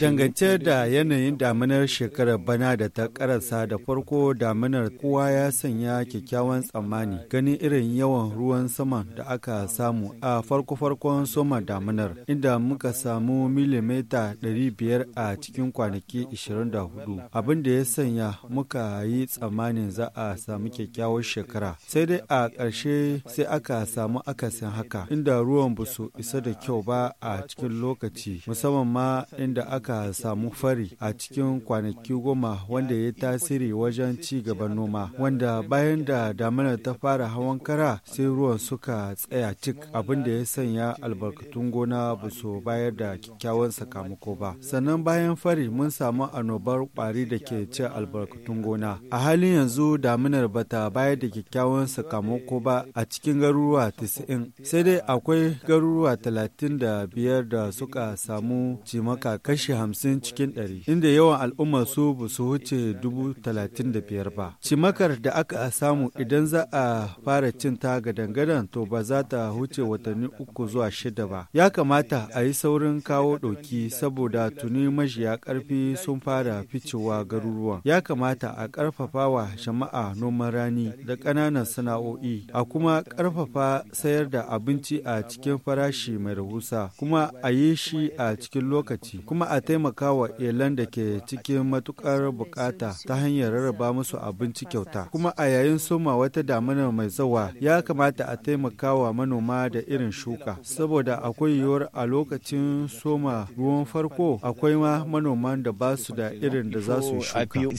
Dangance da yanayin daminar shekarar bana da ta karasa da farko daminar kowa ya sanya kyakkyawan tsammani Gani irin yawan ruwan sama da aka samu a farko-farkon soma daminar inda muka samu milimita 500 a cikin kwanaki 24 abin da ya sanya muka yi tsammanin za a samu kyakkyawar shekara sai dai a ƙarshe sai aka samu akasin haka inda ruwan ba isa da kyau ba a cikin lokaci lokaci musamman ma inda aka samu fari a cikin kwanaki goma wanda ya tasiri wajen ci gaban noma wanda bayan da damina ta fara hawan kara sai ruwan suka tsaya cik abinda ya sanya albarkatun gona ba su bayar da kyakkyawan sakamako ba sannan bayan fari mun samu annobar kwari da ke ci albarkatun gona a halin yanzu daminar bata bayar da kyakkyawan sakamako ba a cikin garuruwa 90 sai dai akwai garuruwa 35 da suka aka samu cimaka kashi hamsin cikin ɗari, inda yawan al'ummar su ba su wuce dubu talatin da biyar ba. Cimakar da aka samu idan za a fara cin ta gadan-gadan to ba za ta wuce watanni uku zuwa shida ba. Ya kamata a yi saurin kawo ɗauki saboda tuni majiya ƙarfi sun fara ficewa garuruwa Ya kamata a ƙarfafa wa jama'a noman rani da ƙananan sana'o'i, a kuma ƙarfafa sayar da abinci a cikin farashi mai rahusa, kuma a yi shi a cikin lokaci kuma a taimaka wa iyalan da ke cikin matukar bukata ta hanyar rarraba musu abinci kyauta kuma a yayin soma wata damuna mai zawa ya kamata a taimaka wa manoma da irin shuka saboda akwai yiwuwar a lokacin soma ruwan farko akwai ma manoman da ba su da irin da za su shuka